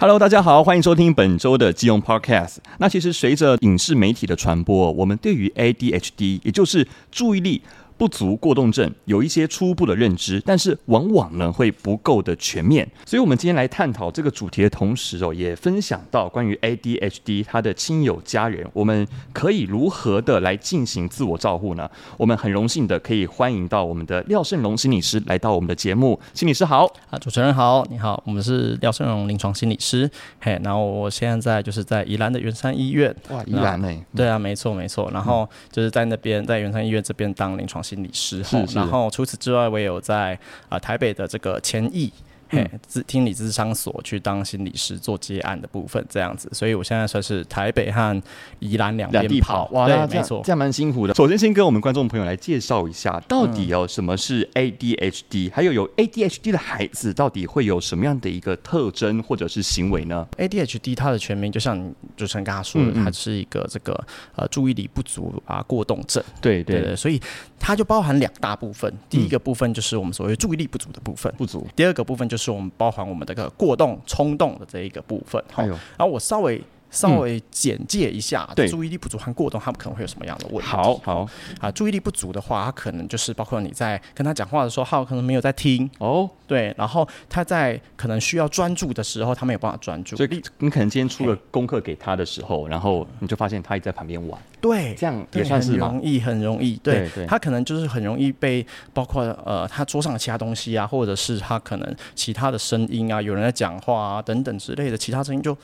Hello，大家好，歡迎收聽本周的基隆 Podcast。那其實隨着影視媒體的傳播，我們對於 ADHD，也就是注意力，不足過動症有一些初步的認知，但是往往呢會不夠的全面。所以，我們今天來探討這個主題的同時哦，也分享到關於 ADHD 他的親友家人，我們可以如何的來進行自我照護呢？我們很榮幸的可以歡迎到我們的廖勝榮心理師來到我們的節目。心理師好啊，主持人好，你好，我們是廖勝榮臨床心理師。嘿，然後我現在就是在宜蘭的員山醫院，哇，宜蘭呢、欸？對啊，沒錯沒錯，然後就是在那邊在員山醫院這邊當臨床心理師。心理師，是的，然後除此之外，我也有在啊台北的這個千藝。嘿，自，心理諮商所去當心理師做接案的部分，這樣子，所以我現在算是台北和宜蘭兩邊跑，跑哇對，沒錯，這樣蠻錯辛苦的。首先，先跟我們觀眾朋友來介紹一下，嗯、到底哦，什麼是 ADHD？還有有 ADHD 的孩子到底會有什麼樣的一個特徵或者是行為呢？ADHD 它的全名就像主持人剛剛說的，嗯嗯，它是一個這個呃注意力不足啊過動症，對對對，對對對，所以它就包含兩大部分，第一個部分就是我們所謂注意力不足的部分，嗯、不足，第二個部分就是是我們包含我們這個過動衝動的這一個部分，好，哎呦，然後我稍微。稍微簡介一下，嗯、對注意力不足和過動，他們可能會有什麼樣的問題？好好啊，注意力不足的話，他可能就是包括你在跟他講話的時候，他可能沒有在聽哦。對，然後他在可能需要專注的時候，他沒有辦法專注。所以你可能今天出了功課給他的時候，哎、然後你就發現他也在旁邊玩。對，這樣也算是容易，很容易。對，對對他可能就是很容易被包括呃，他桌上的其他東西啊，或者是他可能其他的聲音啊，有人在講話啊等等之類的其他聲音就。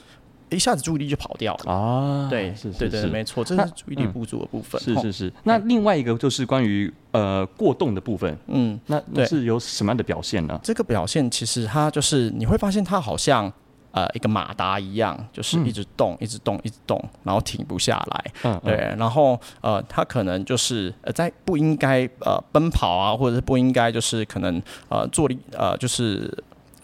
一下子注意力就跑掉了啊！對，是，對對，是是是，沒錯，這是注意力不足的部分，嗯。是是是。那另外一個就是關於呃過動的部分，嗯，那，那是有什麼樣的表現呢？這個表現其實它就是你會發現它好像呃一個馬達一樣，就是一直動，嗯，一直動，一直動，然後停不下來。嗯，嗯，對。然後呃，它可能就是呃在不應該呃奔跑啊，或者是不應該就是可能呃坐立呃就是。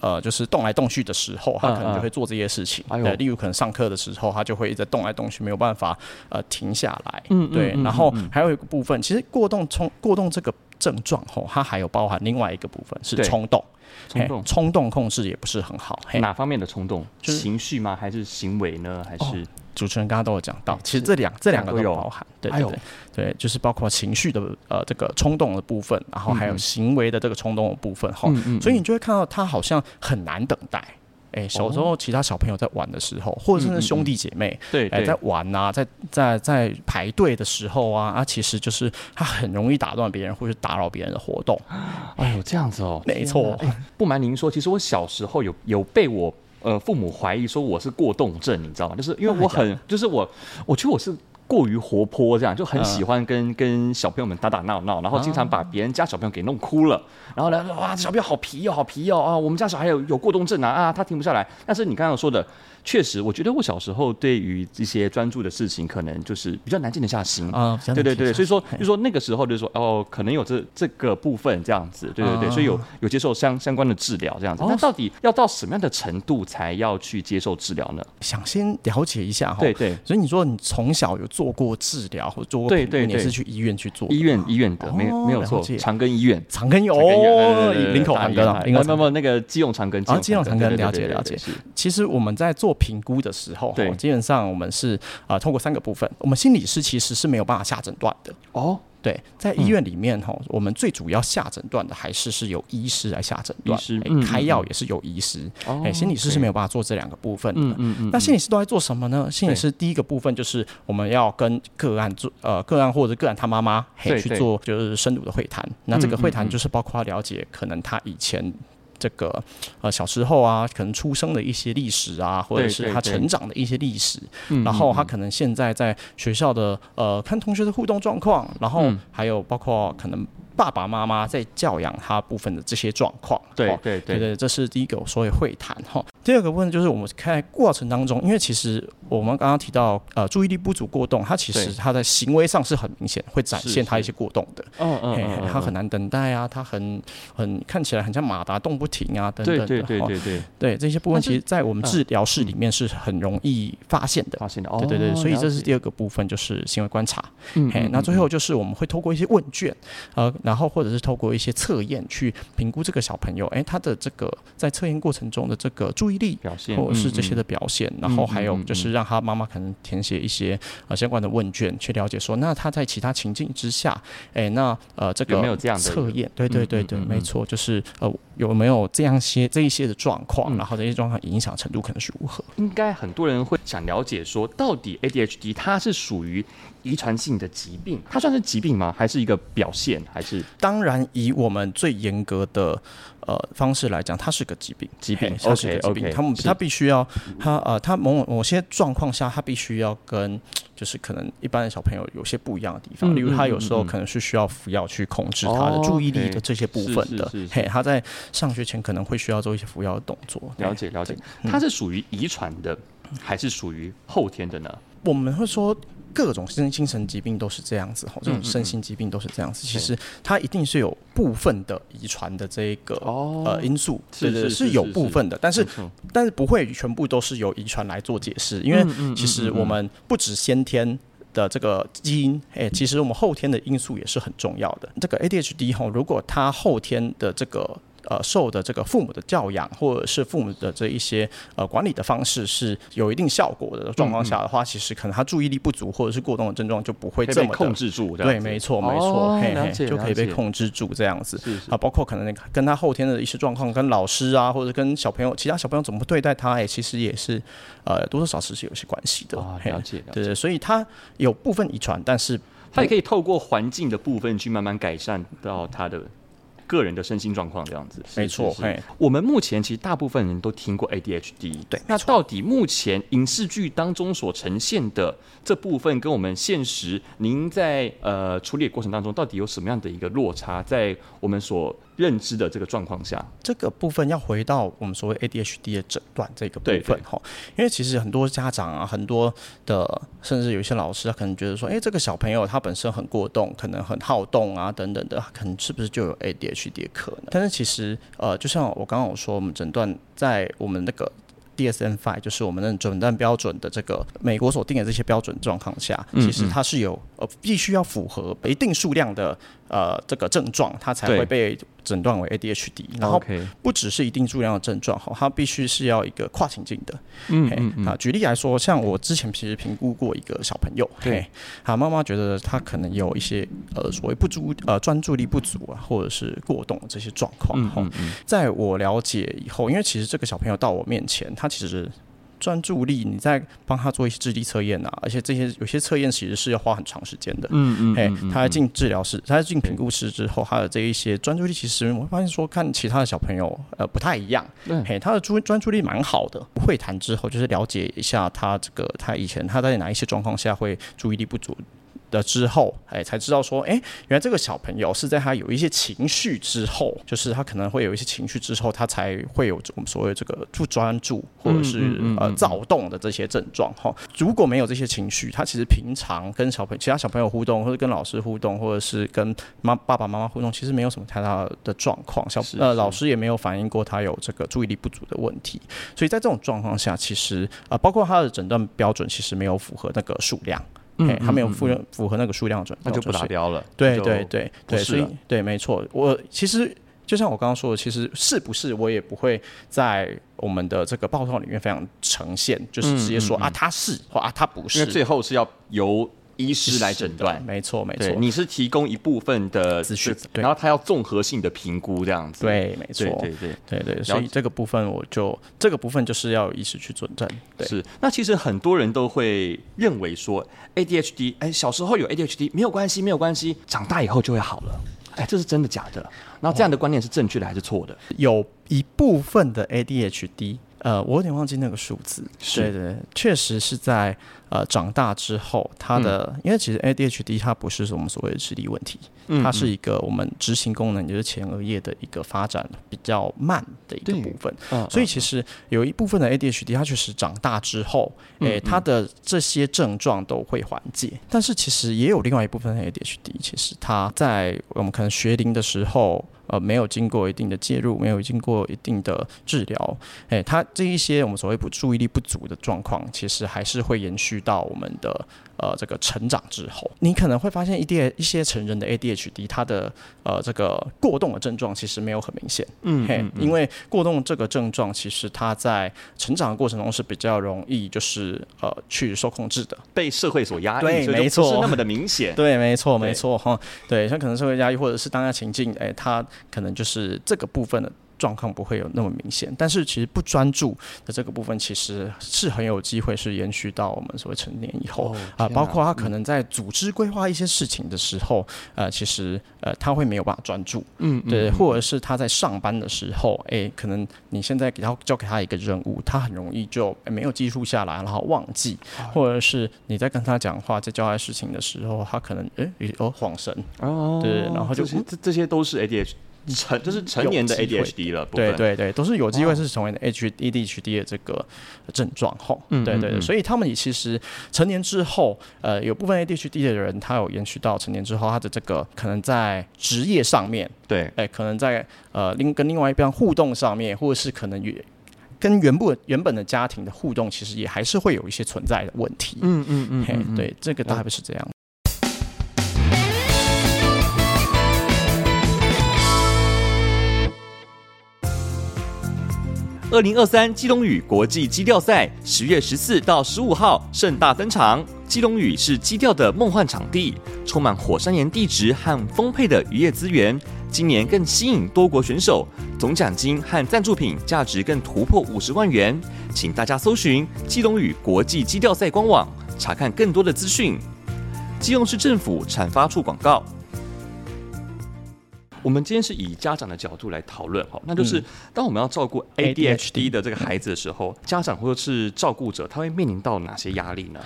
呃，就是動來動去的時候，他可能就會做這些事情。哎呦，例如可能上課的時候，他就會一直動來動去，沒有辦法呃停下來。嗯嗯。對，嗯、然後還有一個部分，嗯嗯嗯、其實過動衝過動這個症狀吼，它還有包含另外一個部分是衝動。衝動。衝動控制也不是很好。哪方面的衝動？就是、情緒嗎？還是行為呢？還是？哦主持人剛剛都有講到，其實這兩這，這兩個都有包含，對對對，哎、呦對，就是包括情緒的呃這個衝動的部分，然後還有行為的這個衝動的部分哈，嗯、哼所以你就會看到他好像很難等待。誒、嗯嗯嗯欸，小時候其他小朋友在玩的時候，哦、或者是那兄弟姐妹對、嗯嗯嗯呃，在玩啊，在在在排隊的時候啊，啊，其實就是他很容易打斷別人或者是打擾別人的活動。哎，哎呦，這樣子哦，沒錯。哪嗯、不瞞您說，其實我小時候有有被我。呃，父母懷疑說我是過動症，你知道嗎？就是因為我很，就是我，我覺得我是過於活潑，這樣就很喜歡跟、嗯、跟小朋友們打打鬧鬧，然後經常把別人家小朋友給弄哭了，嗯、然後呢，哇，小朋友好皮哦，好皮哦，啊，我們家小孩有有過動症啊，啊，他停不下來。但是你剛剛說的。確實，我覺得我小時候對於一些專注的事情，可能就是比較難靜得下心。啊，對對對，所以說，就說那個時候，就說哦，可能有這這個部分這樣子，對對對，所以有有接受相相關的治療這樣子。那到底要到什麼樣的程度才要去接受治療呢？想先了解一下哈。對對。所以你說你從小有做過治療，或者做過？對對，你也是去醫院去做。醫院醫院的，沒有沒有做。長庚醫院，長庚醫哦，林口長庚了，應該沒有沒有那個肌用長庚，啊用長長庚，了解了解。其實我們在做，評估的時候，基本上我們是啊、呃，通過三個部分。我們心理師其實是沒有辦法下診斷的哦。對，在醫院裡面哈，嗯、我們最主要下診斷的還是是由醫師來下診斷，開藥也是由醫師。哎，心理師是沒有辦法做這兩個部分的。嗯、哦 okay、那心理師都在做什麼呢？心理師第一個部分就是我們要跟個案做對呃個案或者個案他媽媽、欸、去做就是深度的會談。對對對，那這個會談就是包括了解可能他以前。這個呃，小時候啊，可能出生的一些歷史啊，或者是他成長的一些歷史，對對對，然後他可能現在在學校的呃，看同學的互動狀況，然後還有包括可能爸爸媽媽在教養他部分的這些狀況，對對對、哦、對對，這是第一個，所謂會談哈。哦第二個部分就是我們看過程當中，因為其實我們剛剛提到呃注意力不足過動，它其實它在行為上是很明顯，會展現它一些過動的，是是哦，欸、嗯它很難等待啊，嗯、它很很看起來很像馬達動不停啊等等的，對對對對對，對這些部分其實在我們治療室裡面是很容易發現的，發現的，啊嗯、對對對，所以這是第二個部分，就是行為觀察，哎、嗯嗯欸，那最後就是我們會透過一些問卷，呃，然後或者是透過一些測驗去評估這個小朋友，哎、欸，他的這個在測驗過程中的這個注。意。表現，嗯嗯或者是這些的表現，嗯嗯然後還有就是讓他媽媽可能填寫一些呃相關的問卷，去了解說，那他在其他情境之下，哎、欸，那呃這個測驗？有沒有這樣的？對對對對，嗯嗯嗯嗯嗯沒錯，就是呃。有沒有這樣些這一些的狀況，嗯、然後這些狀況影響程度可能是如何？應該很多人會想了解說，說到底 ADHD 它是屬於遺傳性的疾病，它算是疾病嗎？還是一個表現？還是？當然，以我們最嚴格的呃方式來講，它是個疾病，疾病，OK OK，他們他必須要是他呃他某某某些狀況下，他必須要跟就是可能一般的小朋友有些不一樣的地方，嗯嗯嗯嗯嗯例如他有時候可能是需要服藥去控制他的注意力的，哦、okay，這些部分的，是是是是嘿，他在。上學前可能會需要做一些服藥的動作，了解了解。它是屬於遺傳的，還是屬於後天的呢？我們會說各種身精神疾病都是這樣子，吼，這種身心疾病都是這樣子。其實它一定是有部分的遺傳的這個哦呃因素，是是有部分的，但是但是不會全部都是由遺傳來做解釋，因為其實我們不止先天的這個基因，誒，其實我們後天的因素也是很重要的。這個 ADHD 吼，如果它後天的這個呃，受的這個父母的教養，或者是父母的這一些呃管理的方式是有一定效果的狀況、嗯嗯、下的話，其實可能他注意力不足或者是過動的症狀就不會這麼被控制住，對，沒錯，沒錯，就可以被控制住這樣子啊是、呃。包括可能跟他後天的一些狀況，跟老師啊，或者跟小朋友其他小朋友怎麼對待他、欸，哎，其實也是呃多多少少是有些關係的、哦。了解，了解。對，所以他有部分遺傳，但是他也可以透過環境的部分去慢慢改善到他的個人的身心狀況這樣子，沒錯。我們目前其實大部分人都聽過 ADHD。對，對 那到底目前影視劇當中所呈現的這部分，跟我們現實，您在呃處理過程當中，到底有什麼樣的一個落差？在我們所認知的這個狀況下，這個部分要回到我們所謂 ADHD 的診斷這個部分哈，對因為其實很多家長啊，很多的，甚至有一些老師，他可能覺得說，哎、欸，這個小朋友他本身很過動，可能很好動啊，等等的，可能是不是就有 ADHD 的可能？但是其實，呃，就像我剛剛我說，我們診斷在我們那個 DSM 5，就是我們的診斷標準的這個美國所定的這些標準狀況下，其實它是有嗯嗯呃，必須要符合一定數量的。呃，這個症狀他才會被診斷為 ADHD，對然後不只是一定數量的症狀哈，Okay 它必須是要一個跨情境的。嗯嘿嗯啊，舉例來說，像我之前其實評估過一個小朋友，對，他媽媽覺得他可能有一些呃所謂不足呃專注力不足啊，或者是過動這些狀況哈。在我了解以後，因為其實這個小朋友到我面前，他其實。專注力，你再幫他做一些智力測驗啊，而且這些有些測驗其實是要花很長時間的。嗯嗯，哎、嗯，嗯嗯嗯嗯、他在進治療室，他在進評估室之後，他的這一些專注力，其實我會發現說，看其他的小朋友，呃，不太一樣。嘿，嗯，他的注專注力蠻好的。不會談之後，就是了解一下他這個，他以前他在哪一些狀況下會注意力不足，的之後，哎、欸，才知道說，哎、欸，原來這個小朋友是在他有一些情緒之後，就是他可能會有一些情緒之後，他才會有我們所謂這個不專注或者是、嗯嗯嗯、呃躁動的這些症狀哈。如果沒有這些情緒，他其實平常跟小朋友、其他小朋友互動，或者跟老師互動，或者是跟媽爸爸媽媽互動，其實沒有什麼太大的狀況。小是是呃老師也沒有反映過他有這個注意力不足的問題。所以在這種狀況下，其實啊、呃，包括他的診斷標準，其實沒有符合那個數量。嗯，嗯，嗯，欸、他沒有符用符合那個數量準，那就不達標了。對對對對，對，所以對，沒錯。我其實就像我剛剛說的，其實是不是我也不會在我們的這個報告裡面非常呈現，就是直接說嗯嗯嗯啊，他是或啊，他不是，因為最後是要由醫師來診斷，沒錯，沒錯，你是提供一部分的資訊，然後他要綜合性的評估這樣子，對，沒錯，對對對對對。所以這個部分我就解這個部分就是要有醫師去診斷。對。那其實很多人都會認為說 ADHD，哎、欸，小時候有 ADHD 沒有關係，沒有關係，長大以後就會好了，哎、欸，這是真的假的？然後這樣的觀念是正確的還是錯的？有一部分的 ADHD，呃，我有點忘記那個數字，是，對，對，對，確實是在。呃，長大之後，他的、嗯、因為其實 A D H D 它不是我們所謂的智力問題，它是一個我們執行功能，就是前額葉的一個發展比較慢的一個部分。啊啊啊，所以其實有一部分的 A D H D 它確實長大之後，誒、欸，他的這些症狀都會緩解。嗯嗯，但是其實也有另外一部分 A D H D，其實他在我們可能學齡的時候。呃，沒有經過一定的介入，沒有經過一定的治療，誒、欸，它這一些我們所謂不注意力不足的狀況，其實還是會延續到我們的。呃，這個成長之後，你可能會發現一些一些成人的 ADHD，他的呃這個過動的症狀其實沒有很明顯，嗯，嗯嗯，因為過動這個症狀其實它在成長的過程中是比較容易就是呃去受控制的，被社會所壓抑，對，沒錯，是那麼的明顯，對，沒錯，對沒錯，哈，對，像可能社會壓抑，或者是當下情境，哎，他可能就是這個部分的。狀況不會有那麼明顯，但是其實不專注的這個部分其實是很有機會是延續到我們所謂成年以後、哦、啊、呃，包括他可能在組織規劃一些事情的時候，嗯、呃，其實呃他會沒有辦法專注，嗯，對，嗯、或者是他在上班的時候，哎、嗯欸，可能你現在給他交給他一個任務，他很容易就、欸、沒有記述下來，然後忘記，哦、或者是你在跟他講話在交代事情的時候，他可能哎哦恍神，哦，哦對，然後就這些這些都是 ADH。成，就是成年的 ADHD 了，部分，對對對，都是有機會是成為的 ADHD 的這個症狀哈，哦、對對對，所以他們也其實成年之後，呃，有部分 ADHD 的人他有延續到成年之後，他的這個可能在職業上面，對，哎、欸，可能在呃另跟另外一邊互動上面，或者是可能也跟原部原本的家庭的互動，其實也還是會有一些存在的問題，嗯嗯嗯，嗯，嗯，嗯嘿，對，這個大概不是這樣。哦二零二三基隆嶼國際磯釣賽，十月十四到十五號盛大登場。基隆嶼是磯釣的夢幻場地，充滿火山岩地質和豐沛的漁業資源。今年更吸引多國選手，總獎金和贊助品價值更突破五十萬元。請大家搜尋基隆嶼國際磯釣賽官網，查看更多的資訊。基隆市政府產發處廣告。我們今天是以家長的角度來討論，哈，那就是當我們要照顧 ADHD 的這個孩子的時候，嗯、ADHD，家長或者是照顧者，他會面臨到哪些壓力呢？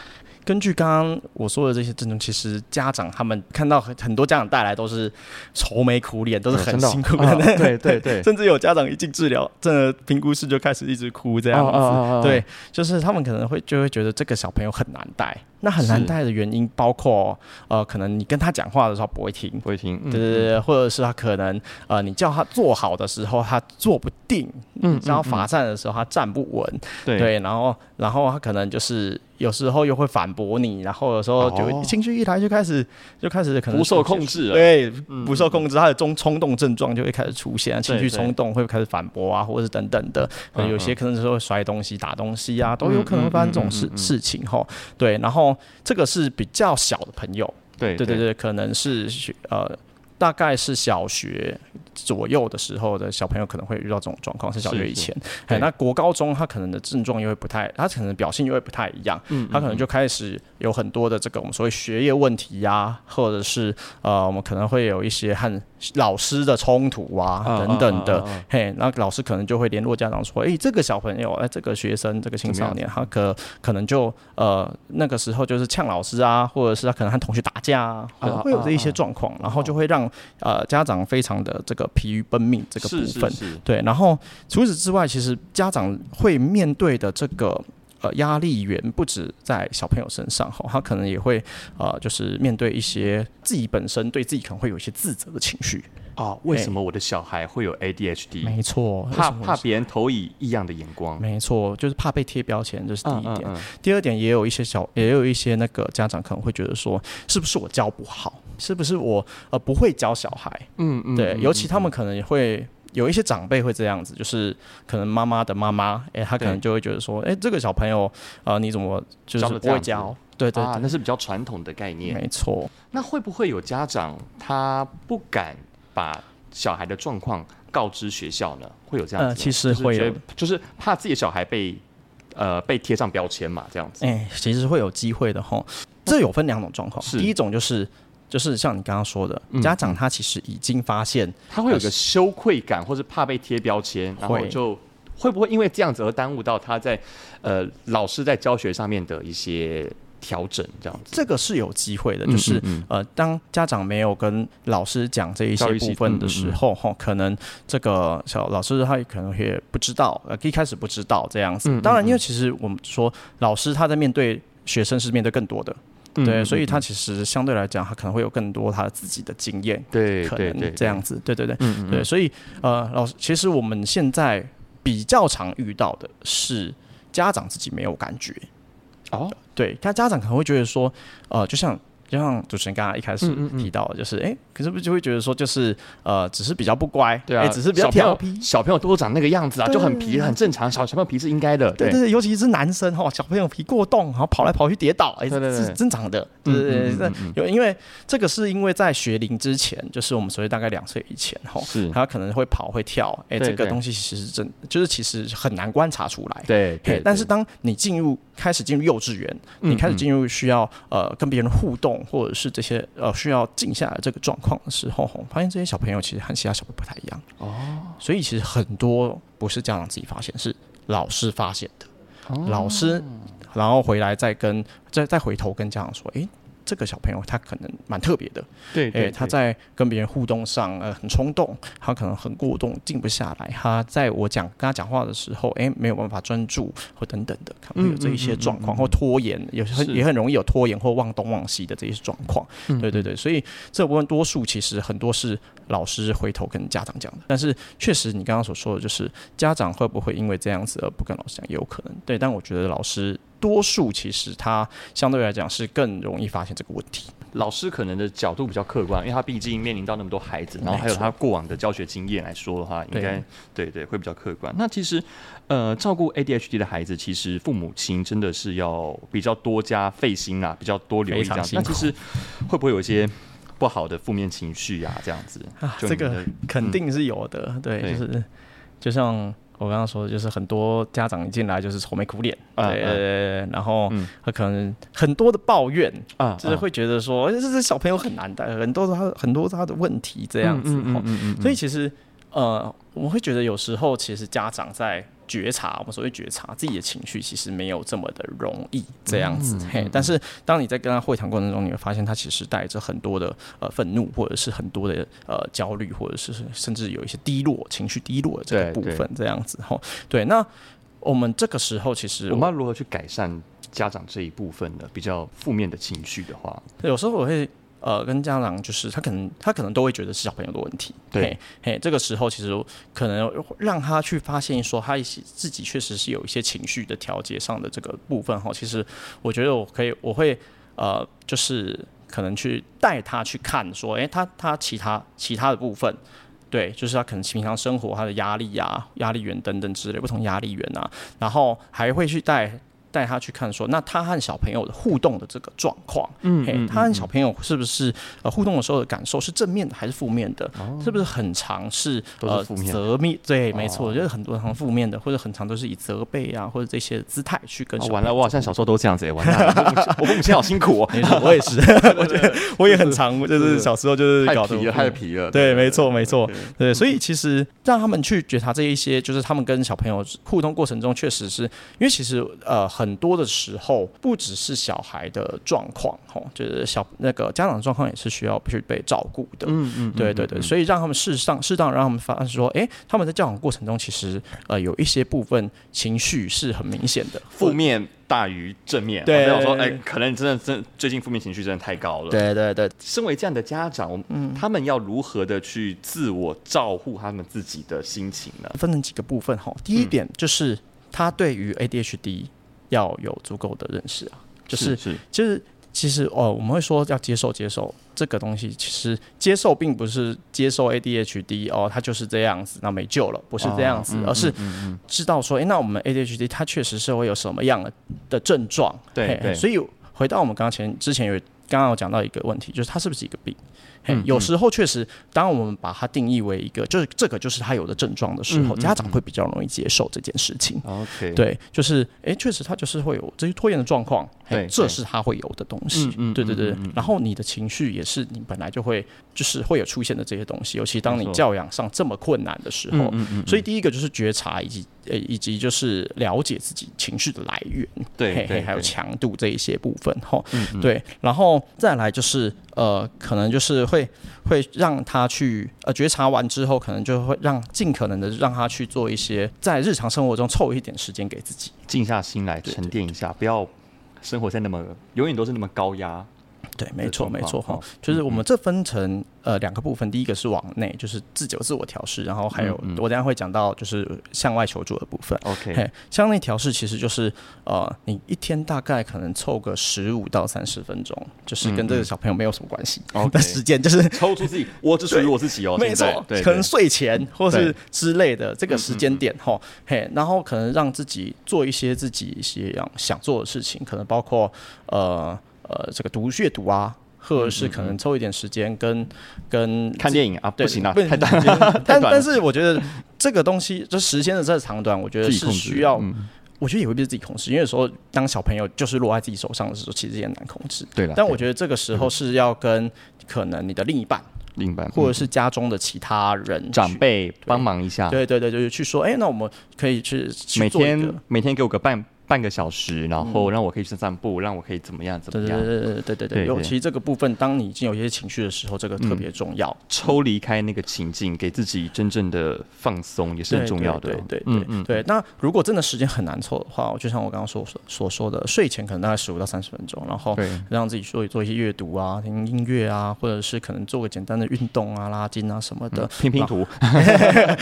根據剛剛我說的這些症狀，其實家長他們看到很很多家長帶來都是愁眉苦臉，都是很辛苦的，哦，真的哦，哦、對對對，甚至有家長一進治療這評估室就開始一直哭，這樣子，哦哦哦哦對，就是他們可能會就會覺得這個小朋友很難帶。那很難帶的原因包括，呃，可能你跟他講話的時候不會停，不會停，對對，或者是他可能，呃，你叫他坐好的時候他坐不定，嗯，然後罰站的時候他站不穩，對，然後然後他可能就是有時候又會反駁你，然後有時候就情緒一來就開始就開始可能不受控制，對，不受控制，他的衝衝動症狀就會開始出現，情緒衝動會開始反駁啊，或者是等等的，有些可能就會摔東西、打東西啊，都有可能發生這種事事情哈，對，然後。這個是比較小的朋友，對對對，對，對可能是呃。大概是小學左右的時候的小朋友可能會遇到這種狀況，是小學以前是是嘿。那國高中他可能的症狀又會不太，他可能表現又會不太一樣。嗯，嗯，嗯，他可能就開始有很多的這個我們所謂學業問題呀、啊，或者是呃，我們可能會有一些和老師的衝突啊，啊等等的。啊啊啊啊啊嘿，那老師可能就會聯絡家長說：“哎、欸，這個小朋友，哎、呃，這個學生，這個青少年，他可可能就呃那個時候就是嗆老師啊，或者是他可能和同學打架啊，啊啊啊啊啊會有這一些狀況，然後就會讓。”呃，家長非常的這個疲於奔命，這個部分是是是對。然後除此之外，其實家長會面對的這個。呃，壓力源不止在小朋友身上哈，他可能也會呃，就是面對一些自己本身對自己可能會有一些自責的情緒啊、哦。為什麼我的小孩會有 ADHD？、欸、沒錯，怕怕別人投以異樣的眼光。沒錯，就是怕被貼標籤，這、就是第一點。嗯嗯嗯。第二點，也有一些小，也有一些那個家長可能會覺得說，是不是我教不好？是不是我呃不會教小孩？嗯嗯，嗯嗯，對，尤其他們可能也會。有一些長輩會這樣子，就是可能媽媽的媽媽，哎、欸，他可能就會覺得說，哎對、欸，這個小朋友，呃，你怎麼就是不會教，喔？對對、對、啊，那是比較傳統的概念。沒錯錯。那會不會有家長他不敢把小孩的狀況告知學校呢？會有這樣子，呃？其實會有就、就是怕自己的小孩被呃被貼上標籤嘛，這樣子。欸、其實會有機會的齁。這有分兩種狀況，嗯、第一種就是。是就是像你剛剛說的，家長他其實已經發現，嗯、他會有一個羞愧感，呃、或是怕被貼標籤，會然後就會不會因為這樣子而耽誤到他在呃老師在教學上面的一些調整，這樣子，這個是有機會的。就是嗯嗯嗯呃，當家長沒有跟老師講這一些部分的時候，哈、嗯嗯嗯哦，可能這個小老師他可能也不知道，呃，一開始不知道這樣子。嗯嗯嗯當然，因為其實我們說老師他在面對學生是面對更多的。對，所以他其實相對來講，他可能會有更多他自己的經驗，對，可能這樣子，對對對，嗯對，所以呃，老師，其實我們現在比較常遇到的是家長自己沒有感覺哦，對他家長可能會覺得說，呃，就像。就像主持人剛剛一開始提到的，就是哎，可是不就會覺得說，就是呃，只是比較不乖，對啊，只是比較調皮。小朋友都長那個樣子啊，就很皮，很正常。小小朋友皮是應該的，對對。尤其是男生哈，小朋友皮過動，然後跑來跑去跌倒，哎，是正常的。對對對，有因為這個是因為在學齡之前，就是我們所謂大概兩歲以前哈，他可能會跑會跳，哎，這個東西其實真，就是其實很難觀察出來。對，但是當你進入開始進入幼稚園，你開始進入需要呃跟別人互動。或者是這些呃需要靜下來這個狀況的時候，發現這些小朋友其實和其他小朋友不太一樣哦，所以其實很多不是家長自己發現，是老師發現的，哦、老師然後回來再跟再再回頭跟家長說，哎、欸。這個小朋友他可能蠻特別的，對，對，對，誒，他在跟別人互動上呃，很衝動，他可能很過動，靜不下來。他在我講跟他講話的時候，誒，沒有辦法專注或等等的，可能有這一些狀況，嗯嗯嗯嗯，或拖延，有時是也很容易有拖延或忘東忘西的這些狀況。是對對對，所以這部分多數其實很多是老師回頭跟家長講的。但是確實你剛剛所說的，就是家長會不會因為這樣子而不跟老師講？也有可能，對。但我覺得老師。多數其實他相對來講是更容易發現這個問題。老師可能的角度比較客觀，因為他畢竟面臨到那麼多孩子，然後還有他過往的教學經驗來說的話應，應該對，對對，對會比較客觀。那其實呃，照顧 ADHD 的孩子，其實父母親真的是要比較多加費心啊，比較多留意這樣。那其實會不會有一些不好的負面情緒啊？這樣子， 啊、這個肯定是有的。嗯、對，就是就像。我剛剛說的就是很多家長一進來就是愁眉苦臉，對，對，對，對，哦嗯、然後他可能很多的抱怨，嗯、就是會覺得說，嗯、這是小朋友很難帶，很多他很多的他的問題這樣子，所以其實。呃，我們會覺得有時候其實家長在覺察，我們所謂覺察自己的情緒，其實沒有這麼的容易這樣子。嗯、嘿，但是當你在跟他會談過程中，你會發現他其實帶着很多的呃憤怒，或者是很多的呃焦慮，或者是甚至有一些低落情緒低落的這個部分這樣子哈、哦。對，那我們這個時候其實我，我們要如何去改善家長這一部分的比較負面的情緒的話，有時候我會。呃，跟家長就是，他可能他可能都會覺得是小朋友的問題，對，嘿，嘿，這個時候其實可能讓他去發現說，他一些自己確實是有一些情緒的調節上的這個部分哈，其實我覺得我可以我會呃，就是可能去帶他去看說，誒、欸，他他其他其他的部分，對，就是他可能平常生活他的壓力呀、啊、壓力源等等之類不同壓力源啊，然後還會去帶。帶他去看，說那他和小朋友的互動的這個狀況，嗯，他和小朋友是不是呃互動的時候的感受是正面的還是負面的？是不是很常是？呃負面？對，沒錯，就是很多人很負面的，或者很常都是以責備啊或者這些姿態去跟。我完了，我好像小時候都這樣子，玩。我母親好辛苦哦。我也是，我覺得我也很常就是小時候就是太皮了，太皮了。對，沒錯，沒錯，對，所以其實讓他們去覺察這一些，就是他們跟小朋友互動過程中，確實是因為其實呃很。很多的時候，不只是小孩的狀況，哦，就是小那個家長的狀況也是需要去被照顧的。嗯嗯，嗯對對對，嗯、所以讓他們適當適當讓他們發現說，哎、欸，他們在教養過程中，其實呃有一些部分情緒是很明顯的，負面大於正面。對，對，對，對，哦，想說，哎、欸，可能真的真最近負面情緒真的太高了。對對對，對，身為這樣的家長，嗯，他們要如何的去自我照顧他們自己的心情呢？分成幾個部分，哈，第一點就是他對於 ADHD，要有足夠的認識啊，就是，是，是就是其實哦，我們會說要接受接受這個東西，其實接受並不是接受 ADHD 哦，它就是這樣子，那沒救了，不是這樣子，哦、而是知道說，誒、嗯嗯嗯欸，那我們 ADHD 它確實是會有什麼樣的症狀，對，對，對，所以回到我們剛前之前有剛剛有講到一個問題，就是它是不是一個病？Hey, 嗯嗯有時候確實，當我們把它定義為一個，就是這個就是他有的症狀的時候，嗯嗯嗯家長會比較容易接受這件事情。嗯嗯嗯對，就是哎，欸、確實他就是會有這些拖延的狀況，對、對，這是他會有的東西。對對對。然後你的情緒也是你本來就會就是會有出現的這些東西，尤其當你教養上這麼困難的時候，嗯嗯嗯嗯嗯所以第一個就是覺察以及呃、欸、以及就是了解自己情緒的來源，對、對對，hey, 還有強度這一些部分齁。嗯嗯對，然後再來就是。呃，可能就是會會讓他去呃覺察完之後，可能就會讓盡可能的讓他去做一些在日常生活中湊一點時間給自己，靜下心來沉澱一下，對對對對不要生活在那麼永遠都是那麼高壓。對，沒錯，沒錯哈，就是我們這分成呃兩個部分，第一個是往內，就是自己自我調適，然後還有我等下會講到就是向外求助的部分。OK，向內調適其實就是呃，你一天大概可能湊個十五到三十分鐘，就是跟這個小朋友沒有什麼關係的時間，就是抽出自己，我只屬於我自己哦，沒錯，可能睡前或是之類的這個時間點哈，嘿，然後可能讓自己做一些自己想想做的事情，可能包括呃。呃，這個讀血讀啊，或者是可能抽一點時間跟跟看電影啊，不行啊，不了，太短。但但是我覺得這個東西，這時間的這個長短，我覺得是需要，我覺得也會被自己控制，因為有時候當小朋友就是落在自己手上的時候，其實也難控制。對了，但我覺得這個時候是要跟可能你的另一半、另一半或者是家中的其他人長輩幫忙一下。對對對，就是去說，哎，那我們可以去每天每天給我個半，半個小時，然後讓我可以去散步，讓我可以怎麼樣怎麼樣？對對對，尤其這個部分，當你已經有一些情緒的時候，這個特別重要。抽離開那個情境，給自己真正的放鬆，也是很重要的。對對，嗯，對。那如果真的時間很難湊的話，我就像我剛剛所所所說的，睡前可能大概十五到三十分鐘，然後讓自己做做一些閱讀啊、聽音樂啊，或者是可能做個簡單的運動啊、拉筋啊什麼的，拼拼圖。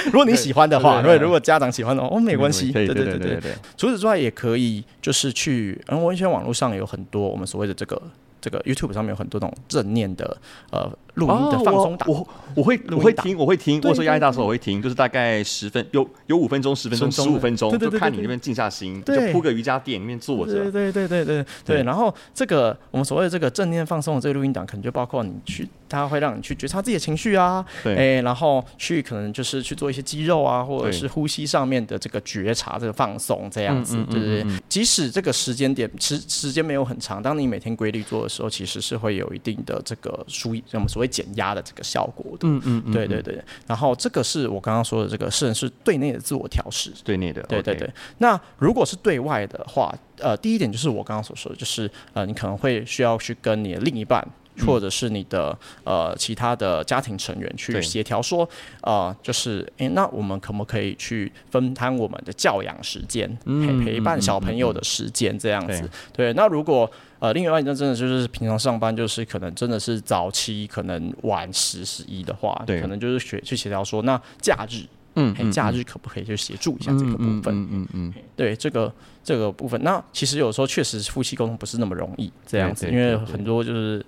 如果你喜歡的話，如果如果家長喜歡的話，哦，沒關係。對對對對對。除此之外，也可。可以，就是去，因為目前網絡上有很多我們所謂的這個這個 YouTube 上面有很多那種正念的，呃。錄音的放鬆檔、哦、我我,我會我會聽，我會聽。對我說壓力大的時候我會聽，就是大概十分有有五分鐘、十分鐘、十五分鐘，就看你那邊靜下心，對就鋪個瑜伽墊，裡面坐着。對對對對對對。對然後這個我們所謂的這個正念放鬆的這個錄音檔，可能就包括你去，他會讓你去覺察自己的情緒啊，哎對、欸，然後去可能就是去做一些肌肉啊，或者是呼吸上面的這個覺察這個放鬆這樣子，對對。即使這個時間點時時間沒有很長，當你每天規律做的時候，其實是會有一定的這個舒，所以我們說。減壓的這個效果的，嗯,嗯嗯嗯，對對對，然後這個是我剛剛說的，這個是是對內的自我調適，對內的，對對對。Okay 那如果是對外的話，呃，第一點就是我剛剛所說的，就是呃，你可能會需要去跟你的另一半。或者是你的、嗯、呃其他的家庭成員去協調說，啊對、呃，就是誒、欸，那我們可不可以去分攤我們的教養時間、嗯，陪伴小朋友的時間這樣子？對，那如果呃，另外一種真的就是平常上班就是可能真的是早七可能晚十十一的話，對可能就是學去協調說，那假日，嗯假日可不可以去協助一下這個部分？嗯嗯，嗯嗯嗯嗯，對，這個這個部分，那其實有時候確實夫妻溝通不是那麼容易這樣子，因為很多就是。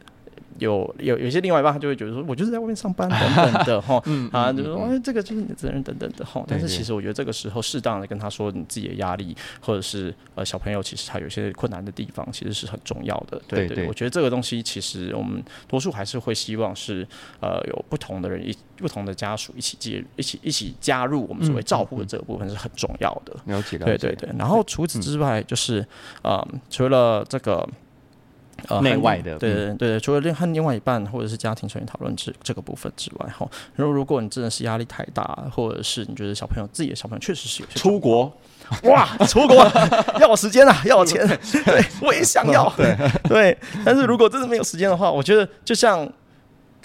有有有些另外一半他就會覺得說，我就是在外面上班等等的哈， 嗯嗯、啊，就是說哎，這個就是你的責任等等的哈。但是其實我覺得這個時候適當的跟他說你自己的壓力，或者是呃小朋友其實他有些困難的地方，其實是很重要的。對對,對，對對對。我覺得這個東西其實我們多數還是會希望是呃有不同的人一不同的家屬一起介入，一起一起加入我們所謂照顧的這個部分是很重要的。有幾、嗯嗯嗯、對對對。然後除此之外就是啊、呃，除了這個。呃，內外的，對對對，除了另和另外一半或者是家庭成員討論這這個部分之外，哈、哦，然後如果你真的是壓力太大，或者是你覺得小朋友自己的小朋友確實是有些出國，哇，出國 要我時間啊，要我錢， 對，我也想要， 對 對，但是如果真的沒有時間的話，我覺得就像。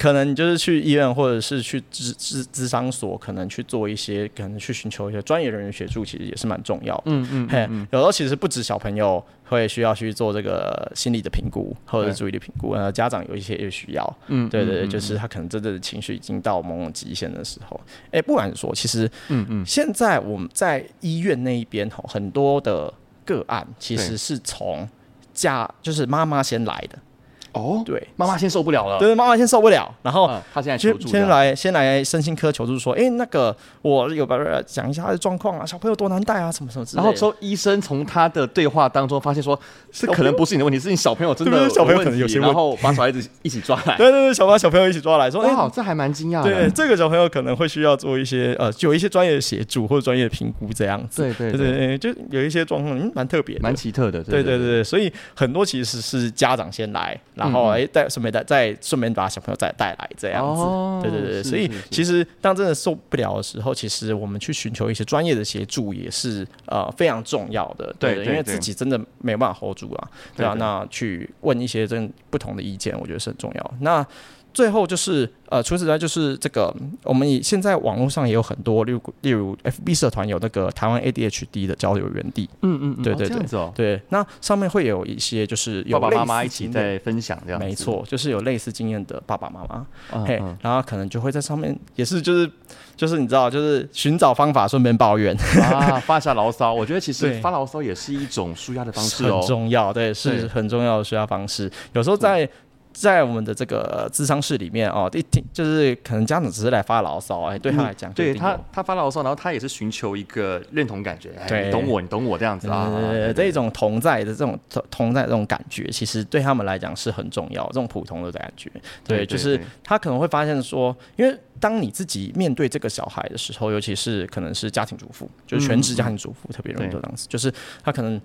可能你就是去醫院，或者是去諮諮諮商所，可能去做一些，可能去尋求一些專業人員協助，其實也是蠻重要的。嗯嘿、嗯嗯欸，有時候其實不止小朋友會需要去做這個心理的評估或者注意力評估，後、欸、家長有一些也需要。嗯，對，對對，就是他可能真的的情緒已經到某種極限的時候。哎、欸，不敢說，其實，嗯嗯，現在我們在醫院那一邊哈，很多的個案其實是從家，嗯、就是媽媽先來的。哦，對，媽媽先受不了了，對媽媽先受不了，然後、嗯、他現在先先來先來身心科求助，說，哎、欸，那個我有把講一下他的狀況啊，小朋友多難帶啊，什麼什麼之類的然後說醫生從他的對話當中發現，說，這可能不是你的問題，是你小朋友真的是是小朋友可能有些問題，然後把小孩子一,一起抓來， 對對對，小把小朋友一起抓來說，哎，欸、好，這還蠻驚訝。對，這個小朋友可能會需要做一些呃，有一些專業的協助或者專業的評估這樣子。對對對對,對對對，就有一些狀況，嗯，蠻特別，蠻奇特的。對對對,對對對，所以很多其實是家長先來。然後哎，帶順便帶再順便把小朋友再帶來這樣子，哦、對對對，所以其實當真的受不了的時候，其實我們去尋求一些專業的協助也是呃非常重要的，對的，對對對，因為自己真的沒辦法 hold 住啊，對啊，那去問一些真不同的意見，我覺得是很重要。那。最後就是呃，除此之外就是這個，我們以現在網絡上也有很多，例如例如，F B 社團有那個台灣 A D H D 的交流園地。嗯嗯嗯，對對對，哦哦、對。那上面會有一些就是有爸爸媽媽一起在分享這樣，沒錯，就是有類似經驗的爸爸媽媽，嗯嗯嘿，然後可能就會在上面也是就是就是你知道就是尋找方法，順便抱怨啊， 發下牢騷。我覺得其實發牢騷也是一種舒壓的方式、哦，是很重要，對，是很重要的舒壓方式。有時候在在我們的這個諮商室裡面啊，一、哦、聽就是可能家長只是來發牢騷哎，對他來講，嗯、對他他發牢騷，然後他也是尋求一個認同感覺，對、哎、懂我，懂我，你懂我這樣子啊，這種同在的這種同在的這種感覺，其實對他們來講是很重要，這種普通的感覺，對，對對對，就是他可能會發現說，因為當你自己面對這個小孩的時候，尤其是可能是家庭主婦，就是全職家庭主婦，嗯、特別容易做這樣子，對就是他可能。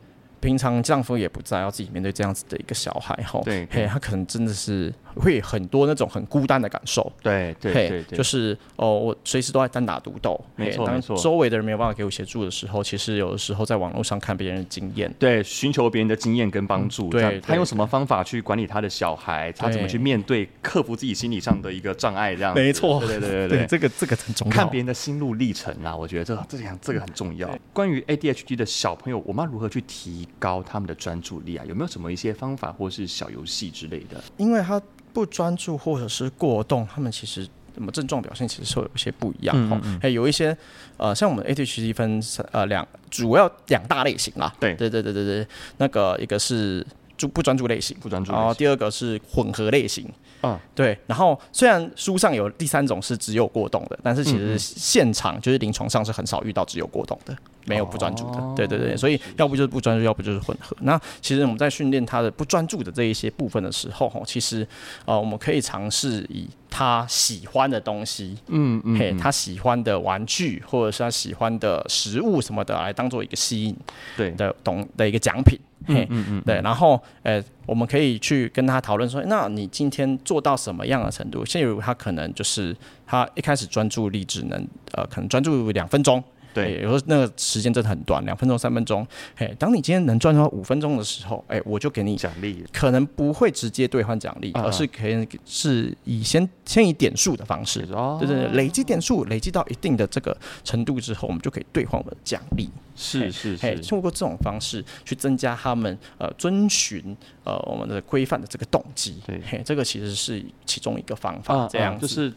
平常丈夫也不在，要自己面對這樣子的一個小孩吼，對對嘿，他可能真的是會很多那種很孤單的感受。對對對，就是哦，我隨時都在單打獨鬥，沒錯沒錯。周圍的人沒有辦法給我協助的時候，其實有的時候在網絡上看別人的經驗，對，尋求別人的經驗跟幫助，嗯、對，對，他用什麼方法去管理他的小孩，對對他怎麼去面對克服自己心理上的一個障礙，這樣沒錯，對對對對，對，對，這個這個很重要，看別人的心路歷程啊，我覺得這這講這個很重要。對關於 ADHD 的小朋友，我們要如何去提高他們的專注力啊，有沒有什麼一些方法或是小遊戲之類的？因為他不專注或者是過動，他們其實什麼症狀表現其實會有一些不一樣哦，還、嗯嗯、有一些呃，像我們 ADHD 分呃兩主要兩大類型啦。對，對對對對對，那個一個是不不專注類型，不專注，然後第二個是混合類型。啊，對。然後雖然書上有第三種是只有過動的，但是其實現場嗯嗯就是臨床上是很少遇到只有過動的。沒有不專注的，對對對，所以要不就是不專注，要不就是混合。那其實我們在訓練他的不專注的這一些部分的時候，其實呃，我們可以嘗試以他喜歡的東西，嗯嗯，嗯嘿，他喜歡的玩具或者是他喜歡的食物什麼的來當做一個吸引，對的，對懂的一個獎品，嘿，嗯嗯，嗯對。然後呃，我們可以去跟他討論說，那你今天做到什麼樣的程度？例如他可能就是他一開始專注力只能呃，可能專注兩分鐘。對，有時候那個時間真的很短，兩分鐘、三分鐘。嘿，當你今天能賺到五分鐘的時候，哎，我就給你獎勵。可能不會直接兌換獎勵，獎勵而是可以是以先先以點數的方式，就是、啊、累積點數，累積到一定的這個程度之後，我們就可以兌換我們的獎勵。是是嘿，嘿，通過這種方式去增加他們呃遵循呃我們的規範的這個動機。對，嘿，這個其實是其中一個方法。啊、這樣就是。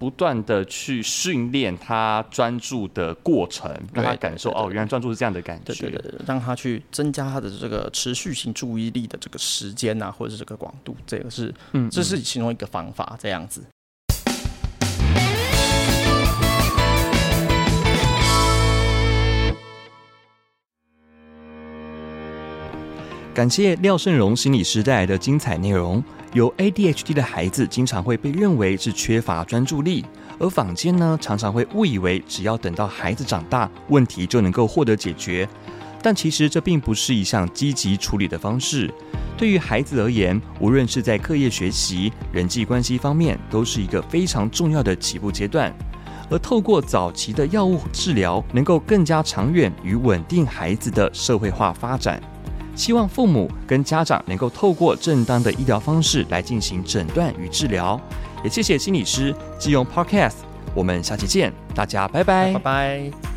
不斷的去訓練他專注的過程，讓他感受哦，原來專注是這樣的感覺。對對，對對對，讓他去增加他的這個持續性注意力的這個時間啊，或者是這個廣度，這個是，嗯，這是其中一個方法，這樣子。嗯。感謝廖聖榮心理師帶來的精彩內容。有 ADHD 的孩子經常會被認為是缺乏專注力，而坊間呢，常常會誤以為只要等到孩子長大，問題就能夠獲得解決。但其實這並不是一項積極處理的方式。對於孩子而言，無論是在課業學習、人際關係方面，都是一個非常重要的起步階段。而透過早期的藥物治療，能夠更加長遠與穩定孩子的社會化發展。希望父母跟家長能夠透過正當的醫療方式來進行診斷與治療，也謝謝心理師，既用 Podcast，我們下期見，大家拜拜，拜拜。